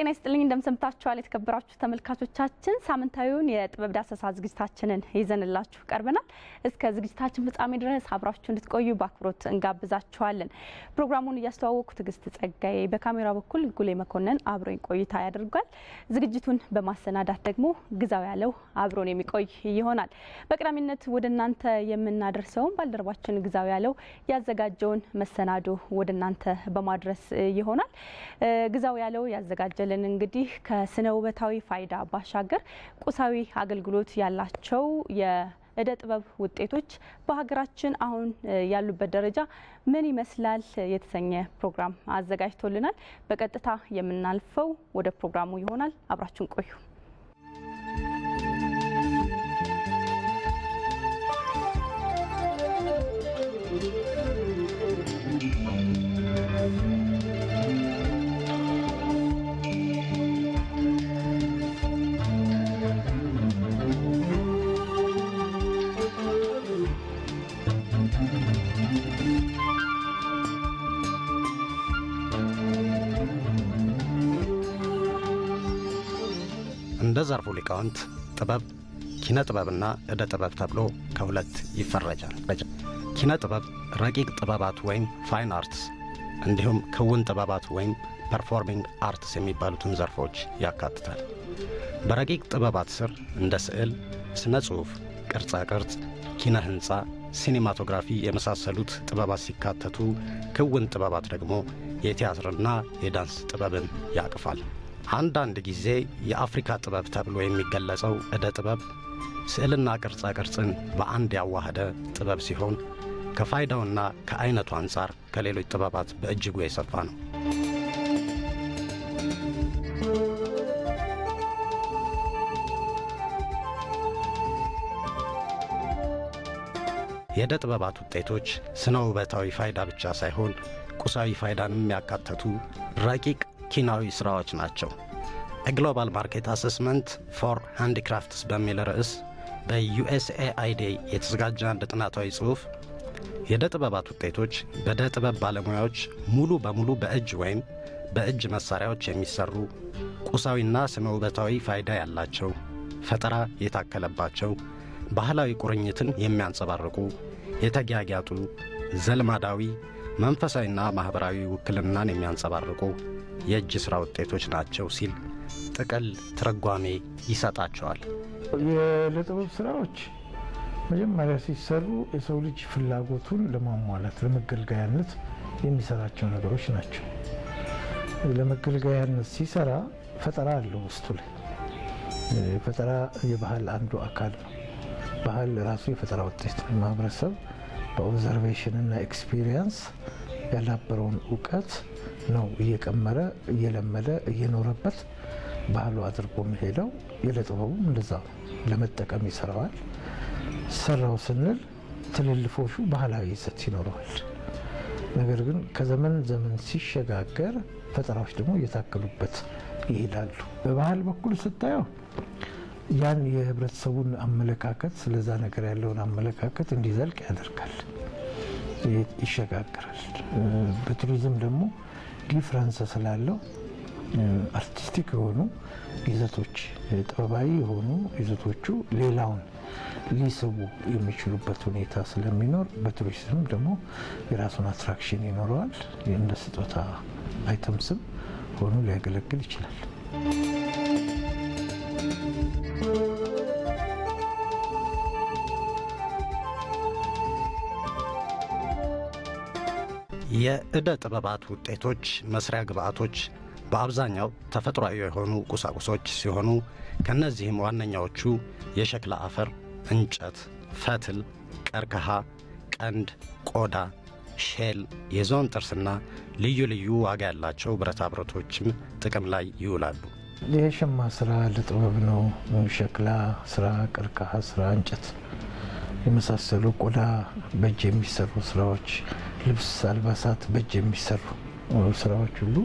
ጤና ይስጥልኝ እንደምሰምታችኋል የተከበራችሁ ተመልካቾቻችን፣ ሳምንታዊውን የጥበብ ዳሰሳ ዝግጅታችንን ይዘንላችሁ ቀርበናል። እስከ ዝግጅታችን ፍጻሜ ድረስ አብራችሁ እንድትቆዩ በአክብሮት እንጋብዛችኋለን። ፕሮግራሙን እያስተዋወቅኩ ትዕግስት ጸጋዬ፣ በካሜራ በኩል ጉሌ መኮንን አብሮኝ ቆይታ ያደርጓል። ዝግጅቱን በማሰናዳት ደግሞ ግዛው ያለው አብሮን የሚቆይ ይሆናል። በቀዳሚነት ወደ እናንተ የምናደርሰውን ባልደረባችን ግዛው ያለው ያዘጋጀውን መሰናዶ ወደ እናንተ በማድረስ ይሆናል። ግዛው ያለው ያዘጋጀ ስንል እንግዲህ ከስነ ውበታዊ ፋይዳ ባሻገር ቁሳዊ አገልግሎት ያላቸው የእደ ጥበብ ውጤቶች በሀገራችን አሁን ያሉበት ደረጃ ምን ይመስላል የተሰኘ ፕሮግራም አዘጋጅቶልናል። በቀጥታ የምናልፈው ወደ ፕሮግራሙ ይሆናል። አብራችን ቆዩ። ለዘርፉ ሊቃውንት ጥበብ ኪነ ጥበብና እደ ጥበብ ተብሎ ከሁለት ይፈረጃል። ኪነ ጥበብ ረቂቅ ጥበባት ወይም ፋይን አርትስ እንዲሁም ክውን ጥበባት ወይም ፐርፎርሚንግ አርትስ የሚባሉትን ዘርፎች ያካትታል። በረቂቅ ጥበባት ስር እንደ ስዕል፣ ስነ ጽሑፍ፣ ቅርጻ ቅርጽ፣ ኪነ ሕንፃ፣ ሲኒማቶግራፊ የመሳሰሉት ጥበባት ሲካተቱ፣ ክውን ጥበባት ደግሞ የቲያትርና የዳንስ ጥበብን ያቅፋል። አንዳንድ ጊዜ የአፍሪካ ጥበብ ተብሎ የሚገለጸው ዕደ ጥበብ ስዕልና ቅርጻ ቅርጽን በአንድ ያዋህደ ጥበብ ሲሆን ከፋይዳውና ከአይነቱ አንጻር ከሌሎች ጥበባት በእጅጉ የሰፋ ነው። የዕደ ጥበባት ውጤቶች ስነ ውበታዊ ፋይዳ ብቻ ሳይሆን ቁሳዊ ፋይዳንም ያካተቱ ረቂቅ ኪናዊ ሥራዎች ናቸው። ግሎባል ማርኬት አሰስመንት ፎር ሃንዲክራፍትስ በሚል ርዕስ በዩኤስኤአይዲ የተዘጋጀ አንድ ጥናታዊ ጽሑፍ የደ ጥበባት ውጤቶች በደ ጥበብ ባለሙያዎች ሙሉ በሙሉ በእጅ ወይም በእጅ መሣሪያዎች የሚሠሩ ቁሳዊና ስነ ውበታዊ ፋይዳ ያላቸው፣ ፈጠራ የታከለባቸው፣ ባህላዊ ቁርኝትን የሚያንጸባርቁ፣ የተጊያጊያጡ፣ ዘልማዳዊ መንፈሳዊና ማኅበራዊ ውክልናን የሚያንጸባርቁ የእጅ ሥራ ውጤቶች ናቸው ሲል ጥቅል ትርጓሜ ይሰጣቸዋል። የለጥበብ ስራዎች መጀመሪያ ሲሰሩ የሰው ልጅ ፍላጎቱን ለማሟላት ለመገልገያነት የሚሰራቸው ነገሮች ናቸው። ለመገልገያነት ሲሰራ ፈጠራ አለው ውስጡ ላይ። ፈጠራ የባህል አንዱ አካል ነው። ባህል ራሱ የፈጠራ ውጤት ነው። ማህበረሰብ በኦብዘርቬሽን እና ኤክስፒሪየንስ ያዳበረውን እውቀት ነው እየቀመረ እየለመደ እየኖረበት ባህሉ አድርጎ የሚሄደው። የለጥበቡም እንደዛ ለመጠቀም ይሰራዋል። ሰራው ስንል ትልልፎቹ ባህላዊ ይዘት ይኖረዋል። ነገር ግን ከዘመን ዘመን ሲሸጋገር ፈጠራዎች ደግሞ እየታከሉበት ይሄዳሉ። በባህል በኩል ስታየው ያን የህብረተሰቡን አመለካከት ስለዛ ነገር ያለውን አመለካከት እንዲዘልቅ ያደርጋል። ይሸጋግራል። በቱሪዝም ደግሞ ዲፍረንስ ስላለው አርቲስቲክ የሆኑ ይዘቶች፣ ጥበባዊ የሆኑ ይዘቶቹ ሌላውን ሊስቡ የሚችሉበት ሁኔታ ስለሚኖር በቱሪዝም ደግሞ የራሱን አትራክሽን ይኖረዋል። እንደ ስጦታ አይተምስም ሆኖ ሊያገለግል ይችላል። የእደ ጥበባት ውጤቶች መስሪያ ግብዓቶች በአብዛኛው ተፈጥሯዊ የሆኑ ቁሳቁሶች ሲሆኑ ከእነዚህም ዋነኛዎቹ የሸክላ አፈር፣ እንጨት፣ ፈትል፣ ቀርከሃ፣ ቀንድ፣ ቆዳ፣ ሼል፣ የዞን ጥርስና ልዩ ልዩ ዋጋ ያላቸው ብረታ ብረቶችም ጥቅም ላይ ይውላሉ። የሸማ ስራ ለጥበብ ነው። ሸክላ ስራ፣ ቀርከሃ ስራ፣ እንጨት የመሳሰሉ ቆዳ በእጅ የሚሰሩ ስራዎች፣ ልብስ፣ አልባሳት በእጅ የሚሰሩ ስራዎች ሁሉ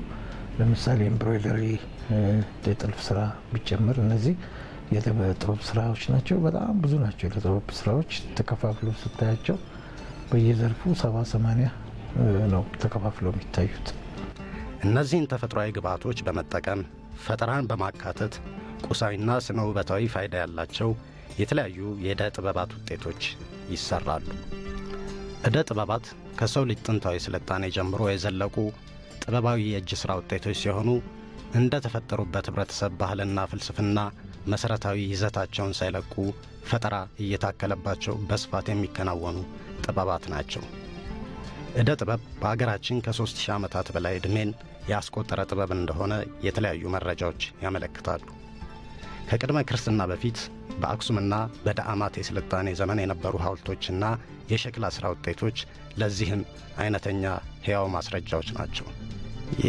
ለምሳሌ ኤምብሮይደሪ፣ የጥልፍ ስራ ቢጨምር እነዚህ የጥበብ ስራዎች ናቸው። በጣም ብዙ ናቸው ለጥበብ ስራዎች ተከፋፍሎ ስታያቸው በየዘርፉ ሰባ ሰማንያ ነው ተከፋፍለው የሚታዩት። እነዚህን ተፈጥሯዊ ግብዓቶች በመጠቀም ፈጠራን በማካተት ቁሳዊና ስነ ውበታዊ ፋይዳ ያላቸው የተለያዩ የእደ ጥበባት ውጤቶች ይሰራሉ። እደ ጥበባት ከሰው ልጅ ጥንታዊ ስልጣኔ ጀምሮ የዘለቁ ጥበባዊ የእጅ ሥራ ውጤቶች ሲሆኑ እንደ ተፈጠሩበት ኅብረተሰብ ባህልና ፍልስፍና መሠረታዊ ይዘታቸውን ሳይለቁ ፈጠራ እየታከለባቸው በስፋት የሚከናወኑ ጥበባት ናቸው። እደ ጥበብ በአገራችን ከሦስት ሺህ ዓመታት በላይ ዕድሜን ያስቆጠረ ጥበብ እንደሆነ የተለያዩ መረጃዎች ያመለክታሉ። ከቅድመ ክርስትና በፊት በአክሱምና በዳአማት የሥልጣኔ ዘመን የነበሩ ሐውልቶችና የሸክላ ሥራ ውጤቶች ለዚህም አይነተኛ ሕያው ማስረጃዎች ናቸው።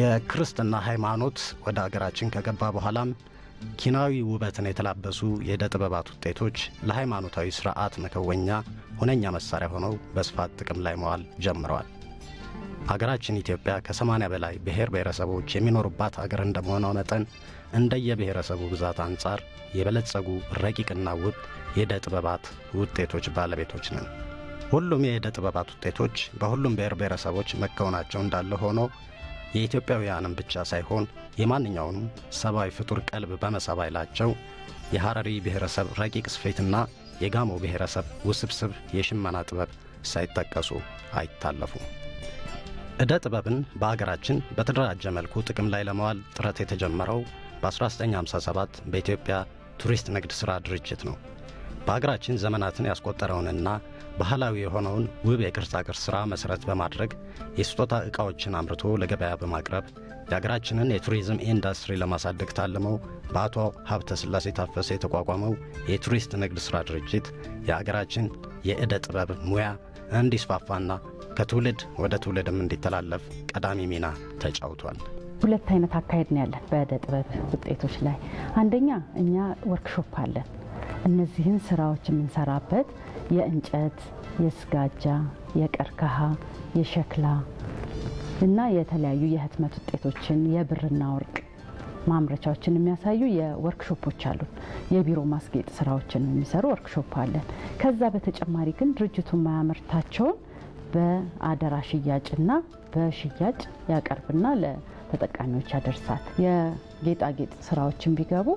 የክርስትና ሃይማኖት ወደ አገራችን ከገባ በኋላም ኪናዊ ውበትን የተላበሱ የዕደ ጥበባት ውጤቶች ለሃይማኖታዊ ሥርዓት መከወኛ ሁነኛ መሣሪያ ሆነው በስፋት ጥቅም ላይ መዋል ጀምረዋል። አገራችን ኢትዮጵያ ከ በላይ ብሔር ብሔረሰቦች የሚኖሩባት አገር እንደመሆነው መጠን እንደየብሔረሰቡ ብዛት አንጻር የበለጸጉ ረቂቅና ውድ የዕደ ጥበባት ውጤቶች ባለቤቶች ነን። ሁሉም የዕደ ጥበባት ውጤቶች በሁሉም ብሔር ብሔረሰቦች መከወናቸው እንዳለ ሆኖ የኢትዮጵያውያንም ብቻ ሳይሆን የማንኛውንም ሰብአዊ ፍጡር ቀልብ በመሳብ ኃይላቸው የሐረሪ ብሔረሰብ ረቂቅ ስፌትና የጋሞ ብሔረሰብ ውስብስብ የሽመና ጥበብ ሳይጠቀሱ አይታለፉም። ዕደ ጥበብን በአገራችን በተደራጀ መልኩ ጥቅም ላይ ለመዋል ጥረት የተጀመረው በ1957 በኢትዮጵያ ቱሪስት ንግድ ሥራ ድርጅት ነው። በሀገራችን ዘመናትን ያስቆጠረውንና ባህላዊ የሆነውን ውብ የቅርጻ ቅርጽ ሥራ መሠረት በማድረግ የስጦታ ዕቃዎችን አምርቶ ለገበያ በማቅረብ የሀገራችንን የቱሪዝም ኢንዱስትሪ ለማሳደግ ታልመው በአቶ ሀብተ ሥላሴ ታፈሰ የተቋቋመው የቱሪስት ንግድ ሥራ ድርጅት የአገራችን የዕደ ጥበብ ሙያ እንዲስፋፋና ከትውልድ ወደ ትውልድም እንዲተላለፍ ቀዳሚ ሚና ተጫውቷል። ሁለት አይነት አካሄድ ነው ያለን በእደ ጥበብ ውጤቶች ላይ። አንደኛ እኛ ወርክሾፕ አለን። እነዚህን ስራዎች የምንሰራበት የእንጨት፣ የስጋጃ፣ የቀርከሃ፣ የሸክላ እና የተለያዩ የህትመት ውጤቶችን የብርና ወርቅ ማምረቻዎችን የሚያሳዩ የወርክሾፖች አሉ። የቢሮ ማስጌጥ ስራዎችን የሚሰሩ ወርክሾፕ አለን። ከዛ በተጨማሪ ግን ድርጅቱ የማያመርታቸውን በአደራ ሽያጭና በሽያጭ ያቀርብና ተጠቃሚዎች ያደርሳል። የጌጣጌጥ ስራዎችን ቢገቡ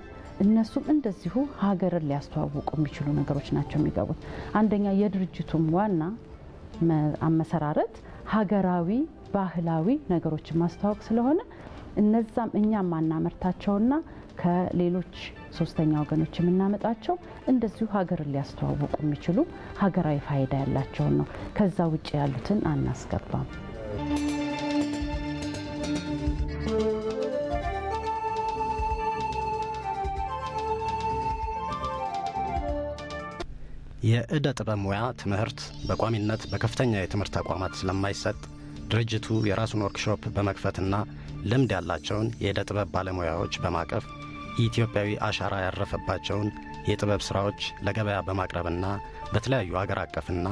እነሱም እንደዚሁ ሀገርን ሊያስተዋውቁ የሚችሉ ነገሮች ናቸው የሚገቡት። አንደኛ የድርጅቱም ዋና አመሰራረት ሀገራዊ ባህላዊ ነገሮችን ማስተዋወቅ ስለሆነ እነዛም እኛ ማናመርታቸውና ከሌሎች ሶስተኛ ወገኖች የምናመጣቸው እንደዚሁ ሀገርን ሊያስተዋውቁ የሚችሉ ሀገራዊ ፋይዳ ያላቸውን ነው። ከዛ ውጭ ያሉትን አናስገባም። የእደ ጥበብ ሙያ ትምህርት በቋሚነት በከፍተኛ የትምህርት ተቋማት ስለማይሰጥ ድርጅቱ የራሱን ወርክሾፕ በመክፈትና ልምድ ያላቸውን የእደ ጥበብ ባለሙያዎች በማቀፍ ኢትዮጵያዊ አሻራ ያረፈባቸውን የጥበብ ሥራዎች ለገበያ በማቅረብና በተለያዩ አገር አቀፍና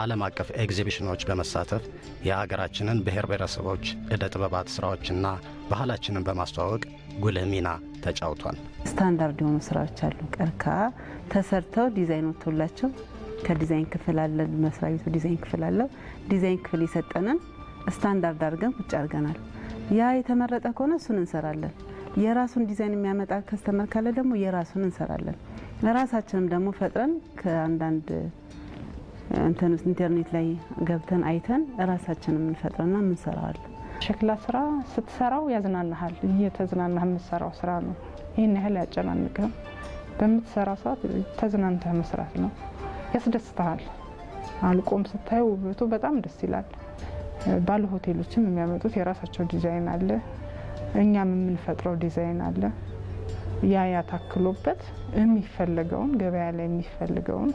ዓለም አቀፍ ኤግዚቢሽኖች በመሳተፍ የአገራችንን ብሔር ብሔረሰቦች ዕደ ጥበባት ሥራዎችና ባህላችንን በማስተዋወቅ ጉልህ ሚና ተጫውቷል። ስታንዳርድ የሆኑ ስራዎች አሉ። ቀርካ ተሰርተው ዲዛይን ወጥቶላቸው ከዲዛይን ክፍል አለ፣ መስሪያ ቤቱ ዲዛይን ክፍል አለው። ዲዛይን ክፍል የሰጠንን ስታንዳርድ አድርገን ቁጭ አድርገናል። ያ የተመረጠ ከሆነ እሱን እንሰራለን። የራሱን ዲዛይን የሚያመጣ ከስተመር ካለ ደግሞ የራሱን እንሰራለን። ለራሳችንም ደግሞ ፈጥረን ከአንዳንድ ኢንተርኔት ላይ ገብተን አይተን ራሳችን የምንፈጥረና የምንሰራዋለን። ሸክላ ስራ ስትሰራው ያዝናናሃል። እየተዝናናህ የምትሰራው ስራ ነው። ይህን ያህል ያጨናንቅህም። በምትሰራ ሰዓት ተዝናንተህ መስራት ነው። ያስደስተሃል። አልቆም ስታየው ውበቱ በጣም ደስ ይላል። ባለ ሆቴሎችም የሚያመጡት የራሳቸው ዲዛይን አለ። እኛም የምንፈጥረው ዲዛይን አለ። ያ ያታክሎበት የሚፈለገውን ገበያ ላይ የሚፈልገውን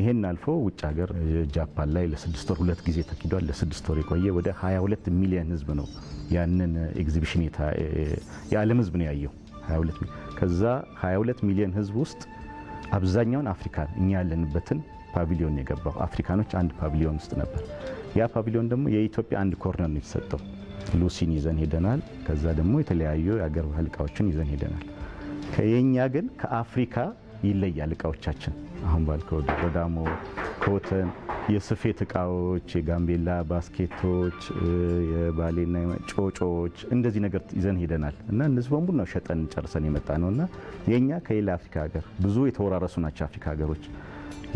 ይሄን አልፎ ውጭ ሀገር ጃፓን ላይ ለስድስት ወር ሁለት ጊዜ ተኪዷል። ለስድስት ወር የቆየ ወደ 22 ሚሊዮን ህዝብ ነው ያንን ኤግዚቢሽን የዓለም ህዝብ ነው ያየው። ከዛ 22 ሚሊዮን ህዝብ ውስጥ አብዛኛውን አፍሪካን እኛ ያለንበትን ፓቪሊዮን የገባው አፍሪካኖች አንድ ፓቪሊዮን ውስጥ ነበር። ያ ፓቪሊዮን ደግሞ የኢትዮጵያ አንድ ኮርነር ነው የተሰጠው። ሉሲን ይዘን ሄደናል። ከዛ ደግሞ የተለያዩ የአገር ባህል እቃዎችን ይዘን ሄደናል። የኛ ግን ከአፍሪካ ይለያል እቃዎቻችን አሁን ባልከው ወዳሞ ኮተን፣ የስፌት እቃዎች፣ የጋምቤላ ባስኬቶች፣ የባሌና ጮጮዎች እንደዚህ ነገር ይዘን ሄደናል እና እነዚህ በሙሉ ነው ሸጠን ጨርሰን የመጣ ነው እና የእኛ ከሌላ አፍሪካ ሀገር ብዙ የተወራረሱ ናቸው አፍሪካ ሀገሮች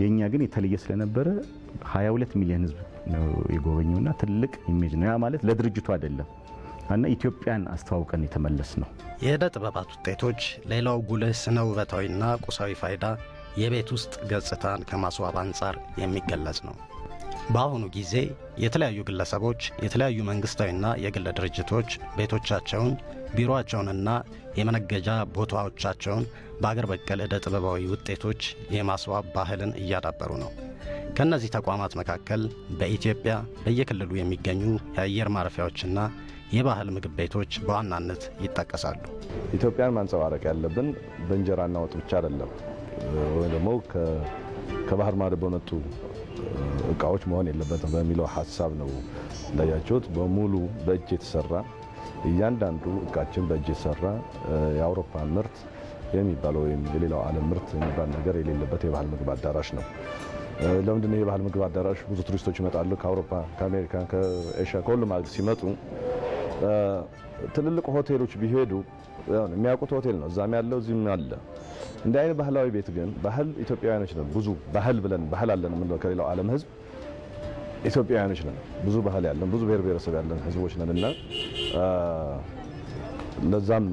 የእኛ ግን የተለየ ስለነበረ 22 ሚሊዮን ህዝብ ነው የጎበኘውና ትልቅ ኢሜጅ ነው። ያ ማለት ለድርጅቱ አይደለም እና ኢትዮጵያን አስተዋውቀን የተመለስ ነው። የዕደ ጥበባት ውጤቶች ሌላው ጉልህ ስነ ውበታዊና ቁሳዊ ፋይዳ የቤት ውስጥ ገጽታን ከማስዋብ አንጻር የሚገለጽ ነው። በአሁኑ ጊዜ የተለያዩ ግለሰቦች የተለያዩ መንግስታዊና የግል ድርጅቶች ቤቶቻቸውን ቢሮአቸውንና የመነገጃ ቦታዎቻቸውን በአገር በቀል ዕደ ጥበባዊ ውጤቶች የማስዋብ ባህልን እያዳበሩ ነው። ከእነዚህ ተቋማት መካከል በኢትዮጵያ በየክልሉ የሚገኙ የአየር ማረፊያዎችና የባህል ምግብ ቤቶች በዋናነት ይጠቀሳሉ። ኢትዮጵያን ማንጸባረቅ ያለብን በእንጀራና ወጥ ብቻ አይደለም፣ ወይም ደግሞ ከባህር ማዶ በመጡ እቃዎች መሆን የለበትም በሚለው ሀሳብ ነው። እንዳያችሁት በሙሉ በእጅ የተሰራ እያንዳንዱ እቃችን በእጅ የሰራ የአውሮፓ ምርት የሚባለው ወይም የሌላው ዓለም ምርት የሚባል ነገር የሌለበት የባህል ምግብ አዳራሽ ነው። ለምንድነው የባህል ምግብ አዳራሽ? ብዙ ቱሪስቶች ይመጣሉ ከአውሮፓ፣ ከአሜሪካ፣ ከኤሽያ ከሁሉም ሀገር ሲመጡ ትልልቅ ሆቴሎች ቢሄዱ የሚያውቁት ሆቴል ነው። እዛም ያለው እዚህም አለ። እንዲህ አይነት ባህላዊ ቤት ግን ባህል ኢትዮጵያውያኖች ነን። ብዙ ባህል ብለን ባህል አለን የምንለው ከሌላው ዓለም ህዝብ ኢትዮጵያውያኖች ነን። ብዙ ባህል ያለን ብዙ ብሔር ብሔረሰብ ያለን ህዝቦች ነን እና ለዛም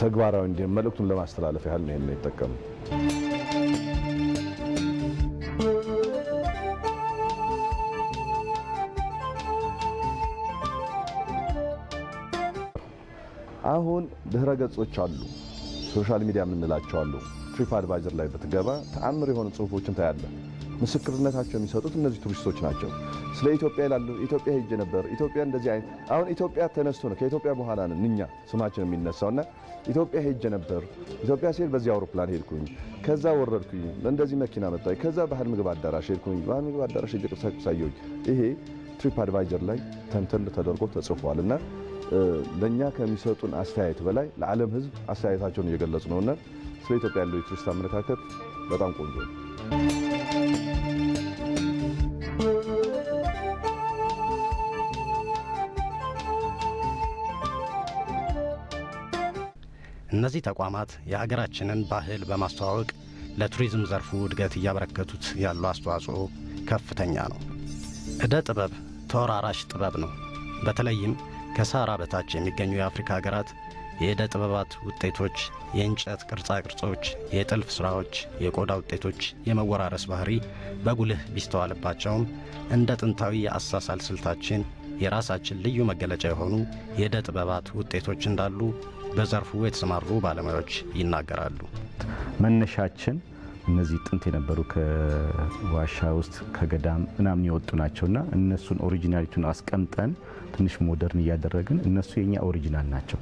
ተግባራዊ እንዲሆን መልእክቱን ለማስተላለፍ ያህል ነው ይሄን የተጠቀሙ። አሁን ድህረ ገጾች አሉ፣ ሶሻል ሚዲያ የምንላቸው አሉ። ትሪፕ አድቫይዘር ላይ ብትገባ ተአምር የሆኑ ጽሁፎችን ታያለ። ምስክርነታቸው የሚሰጡት እነዚህ ቱሪስቶች ናቸው። ስለ ኢትዮጵያ ይላሉ። ኢትዮጵያ ሄጅ ነበር፣ ኢትዮጵያ እንደዚህ አይነት አሁን ኢትዮጵያ ተነስቶ ነው ከኢትዮጵያ በኋላ ነው እኛ ስማችን የሚነሳውና ኢትዮጵያ ሄጅ ነበር። ኢትዮጵያ ሲሄድ በዚህ አውሮፕላን ሄድኩኝ፣ ከዛ ወረድኩኝ፣ እንደዚህ መኪና መጣ፣ ከዛ ባህል ምግብ አዳራሽ ሄድኩኝ፣ ባህል ምግብ አዳራሽ ሄጄ ቁሳቁስ ይሄ ትሪፕ አድቫይዘር ላይ ተንተን ተደርጎ ተጽፏል እና ለእኛ ከሚሰጡን አስተያየት በላይ ለዓለም ሕዝብ አስተያየታቸውን እየገለጹ ነውና ስለ ኢትዮጵያ ያለው የቱሪስት አመለካከት በጣም ቆንጆ ነው። እነዚህ ተቋማት የሀገራችንን ባህል በማስተዋወቅ ለቱሪዝም ዘርፉ እድገት እያበረከቱት ያለው አስተዋጽኦ ከፍተኛ ነው። እደ ጥበብ ተወራራሽ ጥበብ ነው። በተለይም ከሳራ በታች የሚገኙ የአፍሪካ ሀገራት የእደ ጥበባት ውጤቶች፣ የእንጨት ቅርጻ ቅርጾች፣ የጥልፍ ሥራዎች፣ የቆዳ ውጤቶች የመወራረስ ባህሪ በጉልህ ቢስተዋልባቸውም እንደ ጥንታዊ የአሳሳል ስልታችን የራሳችን ልዩ መገለጫ የሆኑ የእደ ጥበባት ውጤቶች እንዳሉ በዘርፉ የተሰማሩ ባለሙያዎች ይናገራሉ። መነሻችን እነዚህ ጥንት የነበሩ ከዋሻ ውስጥ ከገዳም ምናምን የወጡ ናቸውና እነሱን ኦሪጂናሊቱን አስቀምጠን ትንሽ ሞደርን እያደረግን እነሱ የኛ ኦሪጂናል ናቸው።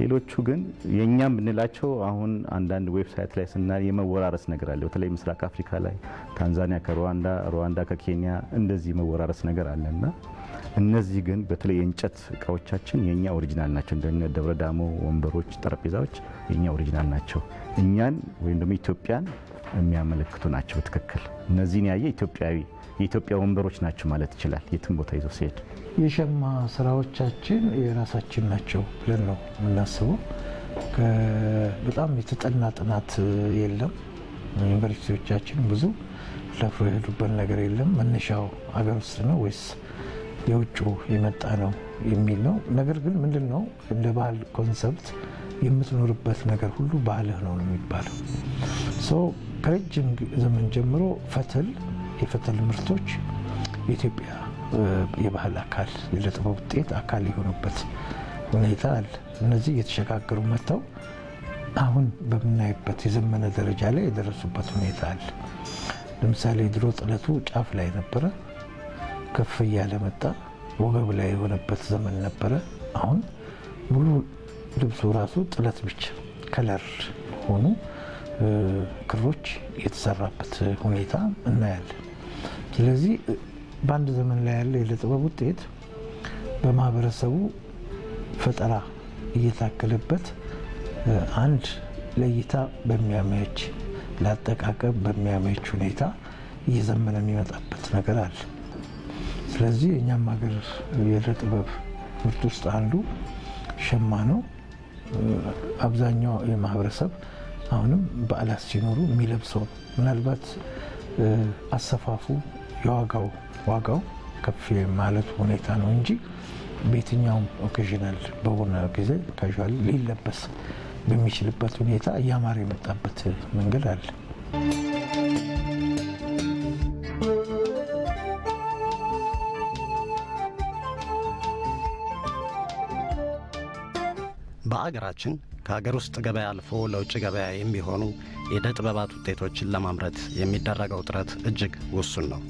ሌሎቹ ግን የእኛ ብንላቸው አሁን አንዳንድ ዌብሳይት ላይ ስና የመወራረስ ነገር አለ። በተለይ ምስራቅ አፍሪካ ላይ ታንዛኒያ ከሩዋንዳ፣ ሩዋንዳ ከኬንያ እንደዚህ መወራረስ ነገር አለና እነዚህ ግን በተለይ የእንጨት እቃዎቻችን የእኛ ኦሪጂናል ናቸው። እንደነ ደብረ ዳሞ ወንበሮች፣ ጠረጴዛዎች የእኛ ኦሪጂናል ናቸው። እኛን ወይም ደግሞ ኢትዮጵያን የሚያመለክቱ ናቸው። በትክክል እነዚህን ያየ ኢትዮጵያዊ የኢትዮጵያ ወንበሮች ናቸው ማለት ይችላል። የትም ቦታ ይዞ ሲሄድ የሸማ ስራዎቻችን የራሳችን ናቸው ብለን ነው የምናስበው። በጣም የተጠና ጥናት የለም። ዩኒቨርሲቲዎቻችን ብዙ ለፍሮ የሄዱበት ነገር የለም። መነሻው አገር ውስጥ ነው ወይስ የውጭ የመጣ ነው የሚል ነው። ነገር ግን ምንድን ነው እንደ ባህል ኮንሰፕት የምትኖርበት ነገር ሁሉ ባህልህ ነው ነው የሚባለው። ከረጅም ዘመን ጀምሮ ፈትል የፈትል ምርቶች የኢትዮጵያ የባህል አካል የለጥበብ ውጤት አካል የሆኑበት ሁኔታ አለ። እነዚህ እየተሸጋገሩ መጥተው አሁን በምናይበት የዘመነ ደረጃ ላይ የደረሱበት ሁኔታ አለ። ለምሳሌ ድሮ ጥለቱ ጫፍ ላይ ነበረ። ከፍ እያለ መጣ። ወገብ ላይ የሆነበት ዘመን ነበረ። አሁን ሙሉ ልብሱ ራሱ ጥለት ብቻ ከለር ሆኑ ክሮች የተሰራበት ሁኔታ እናያለን። ስለዚህ በአንድ ዘመን ላይ ያለ የለጥበብ ውጤት በማህበረሰቡ ፈጠራ እየታከለበት አንድ ለእይታ በሚያመች ለአጠቃቀም በሚያመች ሁኔታ እየዘመነ የሚመጣበት ነገር አለ። ስለዚህ እኛም ሀገር የእደ ጥበብ ምርት ውስጥ አንዱ ሸማ ነው። አብዛኛው የማህበረሰብ አሁንም በዓላት ሲኖሩ የሚለብሰው ምናልባት አሰፋፉ የዋጋው ዋጋው ከፍ ማለቱ ሁኔታ ነው እንጂ በየትኛውም ኦኬዥናል በሆነ ጊዜ ካል ሊለበስ በሚችልበት ሁኔታ እያማረ የመጣበት መንገድ አለ። ሀገራችን ከሀገር ውስጥ ገበያ አልፎ ለውጭ ገበያ የሚሆኑ የዕደ ጥበባት ውጤቶችን ለማምረት የሚደረገው ጥረት እጅግ ውሱን ነው።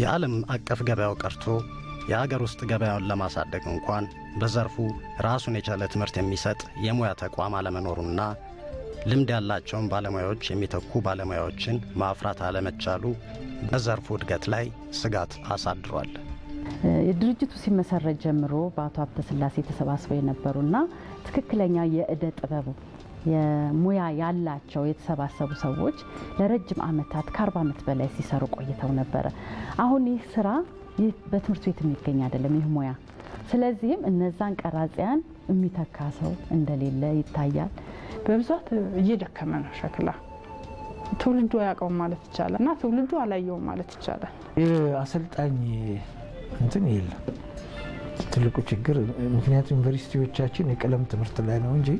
የዓለም አቀፍ ገበያው ቀርቶ የአገር ውስጥ ገበያውን ለማሳደግ እንኳን በዘርፉ ራሱን የቻለ ትምህርት የሚሰጥ የሙያ ተቋም አለመኖሩና ልምድ ያላቸውን ባለሙያዎች የሚተኩ ባለሙያዎችን ማፍራት አለመቻሉ በዘርፉ እድገት ላይ ስጋት አሳድሯል። ድርጅቱ ሲመሰረት ጀምሮ በአቶ ሀብተ ስላሴ ተሰባስበው የነበሩና ትክክለኛ የእደ ጥበቡ ሙያ ያላቸው የተሰባሰቡ ሰዎች ለረጅም ዓመታት ከአርባ ዓመት በላይ ሲሰሩ ቆይተው ነበረ። አሁን ይህ ስራ በትምህርት ቤት የሚገኝ አይደለም፣ ይህ ሙያ። ስለዚህም እነዛን ቀራጺያን የሚተካ ሰው እንደሌለ ይታያል። በብዛት እየደከመ ነው ሸክላ። ትውልዱ አያውቀውም ማለት ይቻላል እና ትውልዱ አላየውም ማለት ይቻላል። አሰልጣኝ እንትን የለም። ትልቁ ችግር ምክንያቱም ዩኒቨርሲቲዎቻችን የቀለም ትምህርት ላይ ነው እንጂ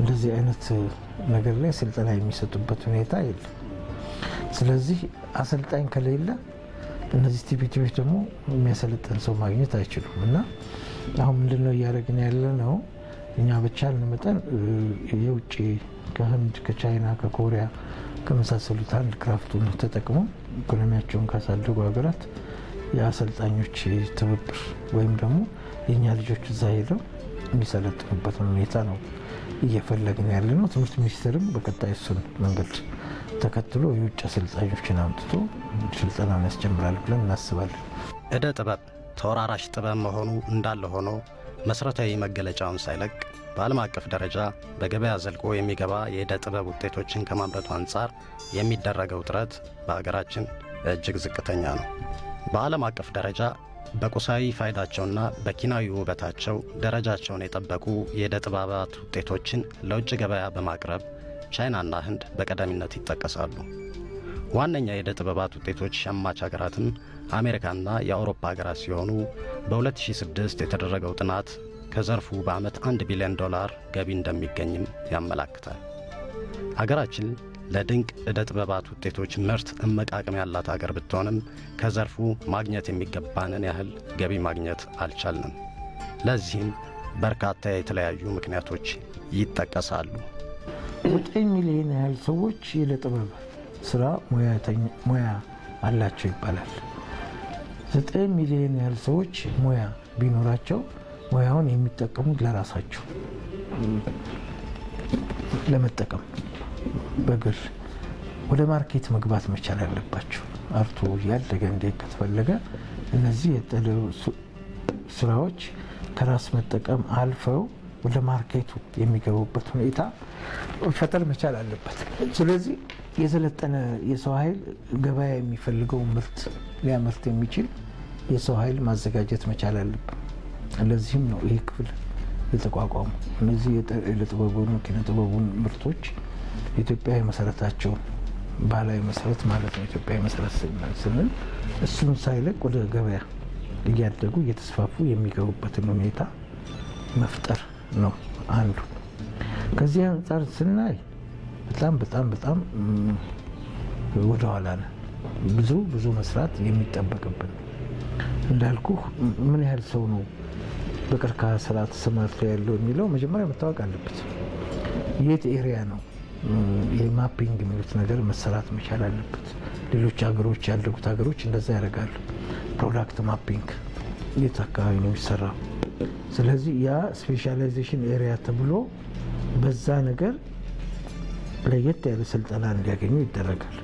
እንደዚህ አይነት ነገር ላይ ስልጠና የሚሰጡበት ሁኔታ የለም። ስለዚህ አሰልጣኝ ከሌለ እነዚህ ቤት ደግሞ የሚያሰለጥን ሰው ማግኘት አይችሉም እና አሁን ምንድን ነው እያደረግን ያለ ነው እኛ በቻልን መጠን የውጭ ከህንድ፣ ከቻይና፣ ከኮሪያ ከመሳሰሉት አንድ ክራፍቱን ተጠቅሞ ኢኮኖሚያቸውን ካሳደጉ ሀገራት የአሰልጣኞች ትብብር ወይም ደግሞ የእኛ ልጆች እዛ ሄደው የሚሰለጥኑበትን ሁኔታ ነው እየፈለግን ያለ ነው። ትምህርት ሚኒስትርም በቀጣይ እሱን መንገድ ተከትሎ የውጭ አሰልጣኞችን አምጥቶ ስልጠናን ያስጀምራል ብለን እናስባለን። እደ ጥበብ ተወራራሽ ጥበብ መሆኑ እንዳለ ሆኖ መሠረታዊ መገለጫውን ሳይለቅ በዓለም አቀፍ ደረጃ በገበያ ዘልቆ የሚገባ የእደ ጥበብ ውጤቶችን ከማምረቱ አንጻር የሚደረገው ጥረት በሀገራችን እጅግ ዝቅተኛ ነው። በዓለም አቀፍ ደረጃ በቁሳዊ ፋይዳቸውና በኪናዊ ውበታቸው ደረጃቸውን የጠበቁ የእደ ጥበባት ውጤቶችን ለውጭ ገበያ በማቅረብ ቻይናና ህንድ በቀዳሚነት ይጠቀሳሉ። ዋነኛ የእደ ጥበባት ውጤቶች ሸማች ሀገራትም አሜሪካና የአውሮፓ ሀገራት ሲሆኑ በ2006 የተደረገው ጥናት ከዘርፉ በዓመት 1 ቢሊዮን ዶላር ገቢ እንደሚገኝም ያመላክታል። ሀገራችን ለድንቅ ዕደ ጥበባት ውጤቶች ምርት እመቃቅም ያላት አገር ብትሆንም ከዘርፉ ማግኘት የሚገባንን ያህል ገቢ ማግኘት አልቻልንም። ለዚህም በርካታ የተለያዩ ምክንያቶች ይጠቀሳሉ። ዘጠኝ ሚሊዮን ያህል ሰዎች የዕደ ጥበብ ስራ ሙያ አላቸው ይባላል። ዘጠኝ ሚሊዮን ያህል ሰዎች ሙያ ቢኖራቸው ሙያውን የሚጠቀሙት ለራሳቸው ለመጠቀም በእግር ወደ ማርኬት መግባት መቻል አለባቸው። አርቶ ያደገ እንዲህ ከተፈለገ እነዚህ የጥል ስራዎች ከራስ መጠቀም አልፈው ወደ ማርኬቱ የሚገቡበት ሁኔታ መፈጠር መቻል አለበት። ስለዚህ የሰለጠነ የሰው ኃይል ገበያ የሚፈልገው ምርት ሊያመርት የሚችል የሰው ኃይል ማዘጋጀት መቻል አለብን። ለዚህም ነው ይህ ክፍል የተቋቋሙ እነዚህ የጥበቡን ኪነጥበቡን ምርቶች ኢትዮጵያዊ መሰረታቸው ባህላዊ መሰረት ማለት ነው። ኢትዮጵያዊ መሰረት ስንል እሱን ሳይለቅ ወደ ገበያ እያደጉ እየተስፋፉ የሚገቡበትን ሁኔታ መፍጠር ነው አንዱ። ከዚህ አንጻር ስናይ በጣም በጣም በጣም ወደኋላ ነን። ብዙ ብዙ መስራት የሚጠበቅብን እንዳልኩ፣ ምን ያህል ሰው ነው በቀርከሃ ስራ ተሰማርቶ ያለው የሚለው መጀመሪያ መታወቅ አለበት። የት ኤሪያ ነው የማፒንግ የሚሉት ነገር መሰራት መቻል አለበት። ሌሎች ሀገሮች ያደጉት ሀገሮች እንደዛ ያደርጋሉ። ፕሮዳክት ማፒንግ የት አካባቢ ነው የሚሰራው? ስለዚህ ያ ስፔሻላይዜሽን ኤሪያ ተብሎ በዛ ነገር ለየት ያለ ስልጠና እንዲያገኙ ይደረጋል።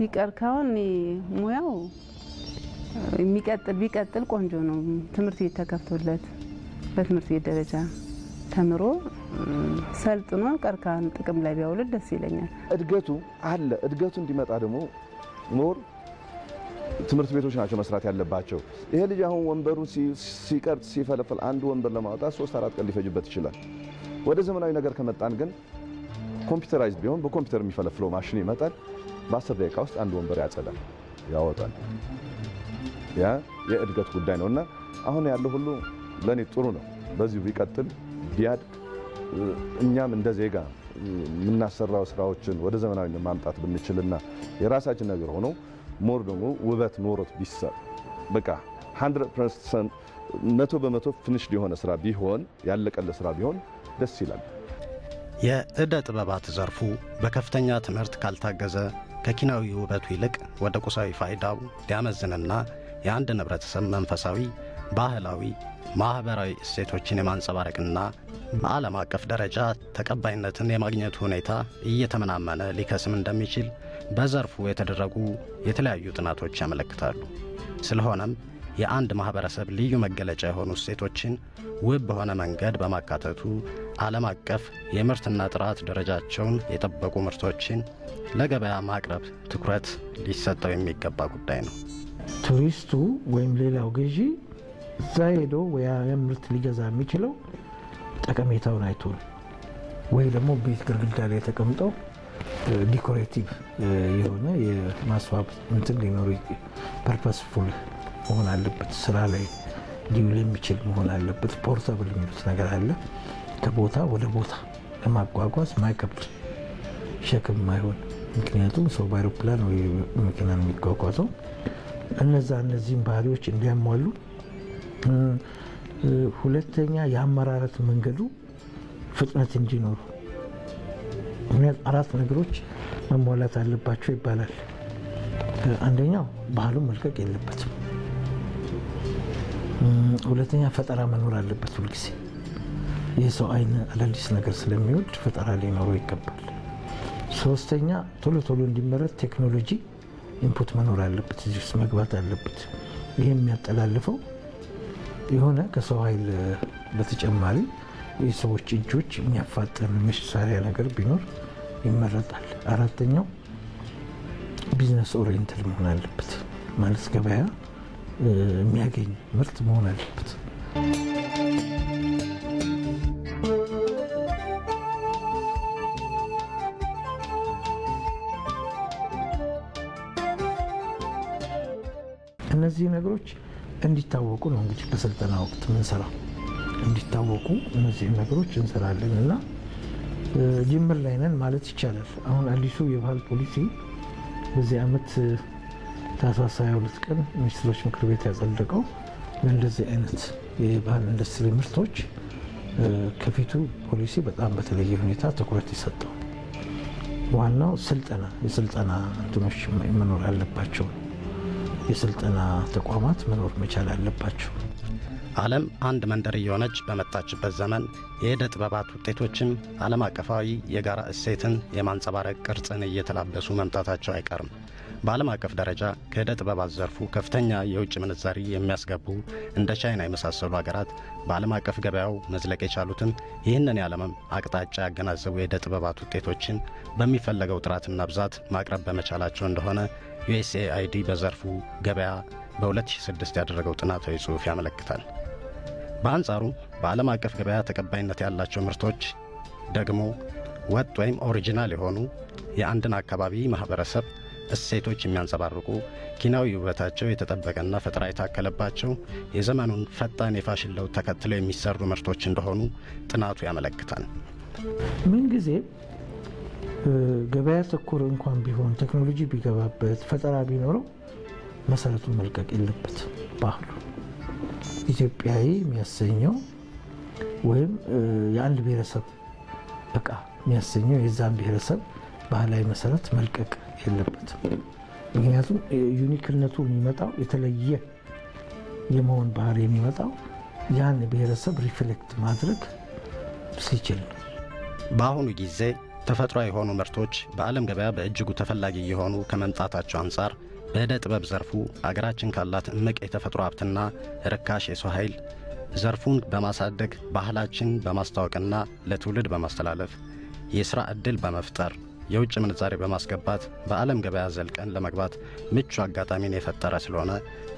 ሊቀር ከሆን ሙያው የሚቀጥል ቢቀጥል ቆንጆ ነው። ትምህርት ቤት ተከፍቶለት በትምህርት ቤት ደረጃ ተምሮ ሰልጥኖ ቀርከሃን ጥቅም ላይ ቢያውል ደስ ይለኛል። እድገቱ አለ። እድገቱ እንዲመጣ ደግሞ ሞር ትምህርት ቤቶች ናቸው መስራት ያለባቸው። ይሄ ልጅ አሁን ወንበሩን ሲቀርጽ ሲፈለፈል አንድ ወንበር ለማውጣት ሶስት አራት ቀን ሊፈጅበት ይችላል። ወደ ዘመናዊ ነገር ከመጣን ግን ኮምፒውተራይዝድ ቢሆን በኮምፒውተር የሚፈለፍለው ማሽን ይመጣል። በአስር ደቂቃ ውስጥ አንድ ወንበር ያጸዳል፣ ያወጣል። ያ የእድገት ጉዳይ ነው እና አሁን ያለው ሁሉ ለእኔ ጥሩ ነው። በዚሁ ቢቀጥል ቢያድግ፣ እኛም እንደ ዜጋ የምናሰራው ስራዎችን ወደ ዘመናዊ ማምጣት ብንችልና የራሳችን ነገር ሆኖ ሞር ደግሞ ውበት ኖሮት ቢሰር በቃ መቶ በመቶ ፍንሽ የሆነ ስራ ቢሆን ያለቀለ ስራ ቢሆን ደስ ይላል። የዕደ ጥበባት ዘርፉ በከፍተኛ ትምህርት ካልታገዘ ከኪናዊ ውበቱ ይልቅ ወደ ቁሳዊ ፋይዳው ሊያመዝንና የአንድ ህብረተሰብ መንፈሳዊ፣ ባህላዊ፣ ማኅበራዊ እሴቶችን የማንጸባረቅና በዓለም አቀፍ ደረጃ ተቀባይነትን የማግኘቱ ሁኔታ እየተመናመነ ሊከስም እንደሚችል በዘርፉ የተደረጉ የተለያዩ ጥናቶች ያመለክታሉ። ስለሆነም የአንድ ማኅበረሰብ ልዩ መገለጫ የሆኑ እሴቶችን ውብ በሆነ መንገድ በማካተቱ ዓለም አቀፍ የምርትና ጥራት ደረጃቸውን የጠበቁ ምርቶችን ለገበያ ማቅረብ ትኩረት ሊሰጠው የሚገባ ጉዳይ ነው። ቱሪስቱ ወይም ሌላው ገዢ እዛ ሄዶ የዓለም ምርት ሊገዛ የሚችለው ጠቀሜታውን አይቶ ወይ ደግሞ ቤት ግርግዳ ላይ ተቀምጠው ዲኮሬቲቭ የሆነ የማስዋብ እንትን ሊኖሩ ፐርፐስፉል መሆን አለበት። ስራ ላይ ሊውል የሚችል መሆን አለበት። ፖርታብል የሚሉት ነገር አለ። ከቦታ ወደ ቦታ ለማጓጓዝ ማይከብድ ሸክም ማይሆን ምክንያቱም ሰው በአይሮፕላን ወይ መኪና ነው የሚጓጓዘው። እነዛ እነዚህም ባህሪዎች እንዲያሟሉ፣ ሁለተኛ የአመራረት መንገዱ ፍጥነት እንዲኖሩ ምክንያት አራት ነገሮች መሟላት አለባቸው ይባላል። አንደኛው ባህሉ መልቀቅ የለበትም። ሁለተኛ ፈጠራ መኖር አለበት ሁልጊዜ የሰው አይን አዳዲስ ነገር ስለሚወድ ፈጠራ ሊኖረው ይገባል። ሶስተኛ ቶሎ ቶሎ እንዲመረት ቴክኖሎጂ ኢንፑት መኖር አለበት፣ እዚህ ውስጥ መግባት አለበት። ይህ የሚያጠላልፈው የሆነ ከሰው ኃይል በተጨማሪ የሰዎች እጆች የሚያፋጠን መሳሪያ ነገር ቢኖር ይመረጣል። አራተኛው ቢዝነስ ኦሪየንተድ መሆን አለበት፣ ማለት ገበያ የሚያገኝ ምርት መሆን አለበት። እንዲታወቁ ነው እንግዲህ በስልጠና ወቅት ምንሰራ እንዲታወቁ እነዚህም ነገሮች እንሰራለን እና ጅምር ላይ ነን ማለት ይቻላል። አሁን አዲሱ የባህል ፖሊሲ በዚህ ዓመት ታህሳስ 22 ቀን ሚኒስትሮች ምክር ቤት ያጸደቀው በእንደዚህ አይነት የባህል ኢንዱስትሪ ምርቶች ከፊቱ ፖሊሲ በጣም በተለየ ሁኔታ ትኩረት ይሰጠው ዋናው ስልጠና የስልጠና እንትኖች መኖር አለባቸው። የስልጠና ተቋማት መኖር መቻል አለባቸው። ዓለም አንድ መንደር እየሆነች በመጣችበት ዘመን የዕደ ጥበባት ውጤቶችም ዓለም አቀፋዊ የጋራ እሴትን የማንጸባረቅ ቅርጽን እየተላበሱ መምጣታቸው አይቀርም። በዓለም አቀፍ ደረጃ ከእደ ጥበባት ዘርፉ ከፍተኛ የውጭ ምንዛሪ የሚያስገቡ እንደ ቻይና የመሳሰሉ ሀገራት በዓለም አቀፍ ገበያው መዝለቅ የቻሉትን ይህንን የዓለምም አቅጣጫ ያገናዘቡ የእደ ጥበባት ውጤቶችን በሚፈለገው ጥራትና ብዛት ማቅረብ በመቻላቸው እንደሆነ ዩኤስኤአይዲ በዘርፉ ገበያ በ2006 ያደረገው ጥናታዊ ጽሑፍ ያመለክታል። በአንጻሩ በዓለም አቀፍ ገበያ ተቀባይነት ያላቸው ምርቶች ደግሞ ወጥ ወይም ኦሪጂናል የሆኑ የአንድን አካባቢ ማኅበረሰብ እሴቶች የሚያንጸባርቁ ኪናዊ ውበታቸው የተጠበቀና ፈጠራ የታከለባቸው የዘመኑን ፈጣን የፋሽን ለውጥ ተከትለው የሚሰሩ ምርቶች እንደሆኑ ጥናቱ ያመለክታል። ምንጊዜ ገበያ ተኮር እንኳን ቢሆን ቴክኖሎጂ ቢገባበት ፈጠራ ቢኖረው መሰረቱን መልቀቅ የለበት። ባህሉ ኢትዮጵያዊ የሚያሰኘው ወይም የአንድ ብሔረሰብ እቃ የሚያሰኘው የዛን ብሔረሰብ ባህላዊ መሰረት መልቀቅ የለበትም። ምክንያቱም ዩኒክነቱ የሚመጣው የተለየ የመሆን ባህሪ የሚመጣው ያን ብሔረሰብ ሪፍሌክት ማድረግ ሲችል ነው። በአሁኑ ጊዜ ተፈጥሯዊ የሆኑ ምርቶች በዓለም ገበያ በእጅጉ ተፈላጊ የሆኑ ከመምጣታቸው አንጻር በእደ ጥበብ ዘርፉ አገራችን ካላት እምቅ የተፈጥሮ ሀብትና ርካሽ የሰው ኃይል ዘርፉን በማሳደግ ባህላችን በማስታወቅና ለትውልድ በማስተላለፍ የሥራ ዕድል በመፍጠር የውጭ ምንዛሬ በማስገባት በዓለም ገበያ ዘልቀን ለመግባት ምቹ አጋጣሚን የፈጠረ ስለሆነ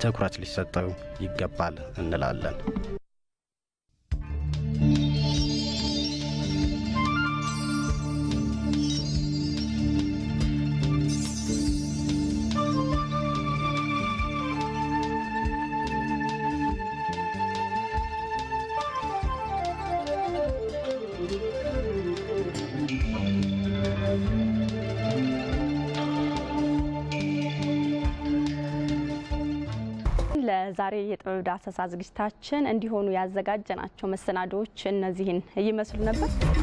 ትኩረት ሊሰጠው ይገባል እንላለን። የጥበብ ዳሰሳ ዝግጅታችን እንዲሆኑ ያዘጋጀናቸው መሰናዶዎች እነዚህን ይመስሉ ነበር።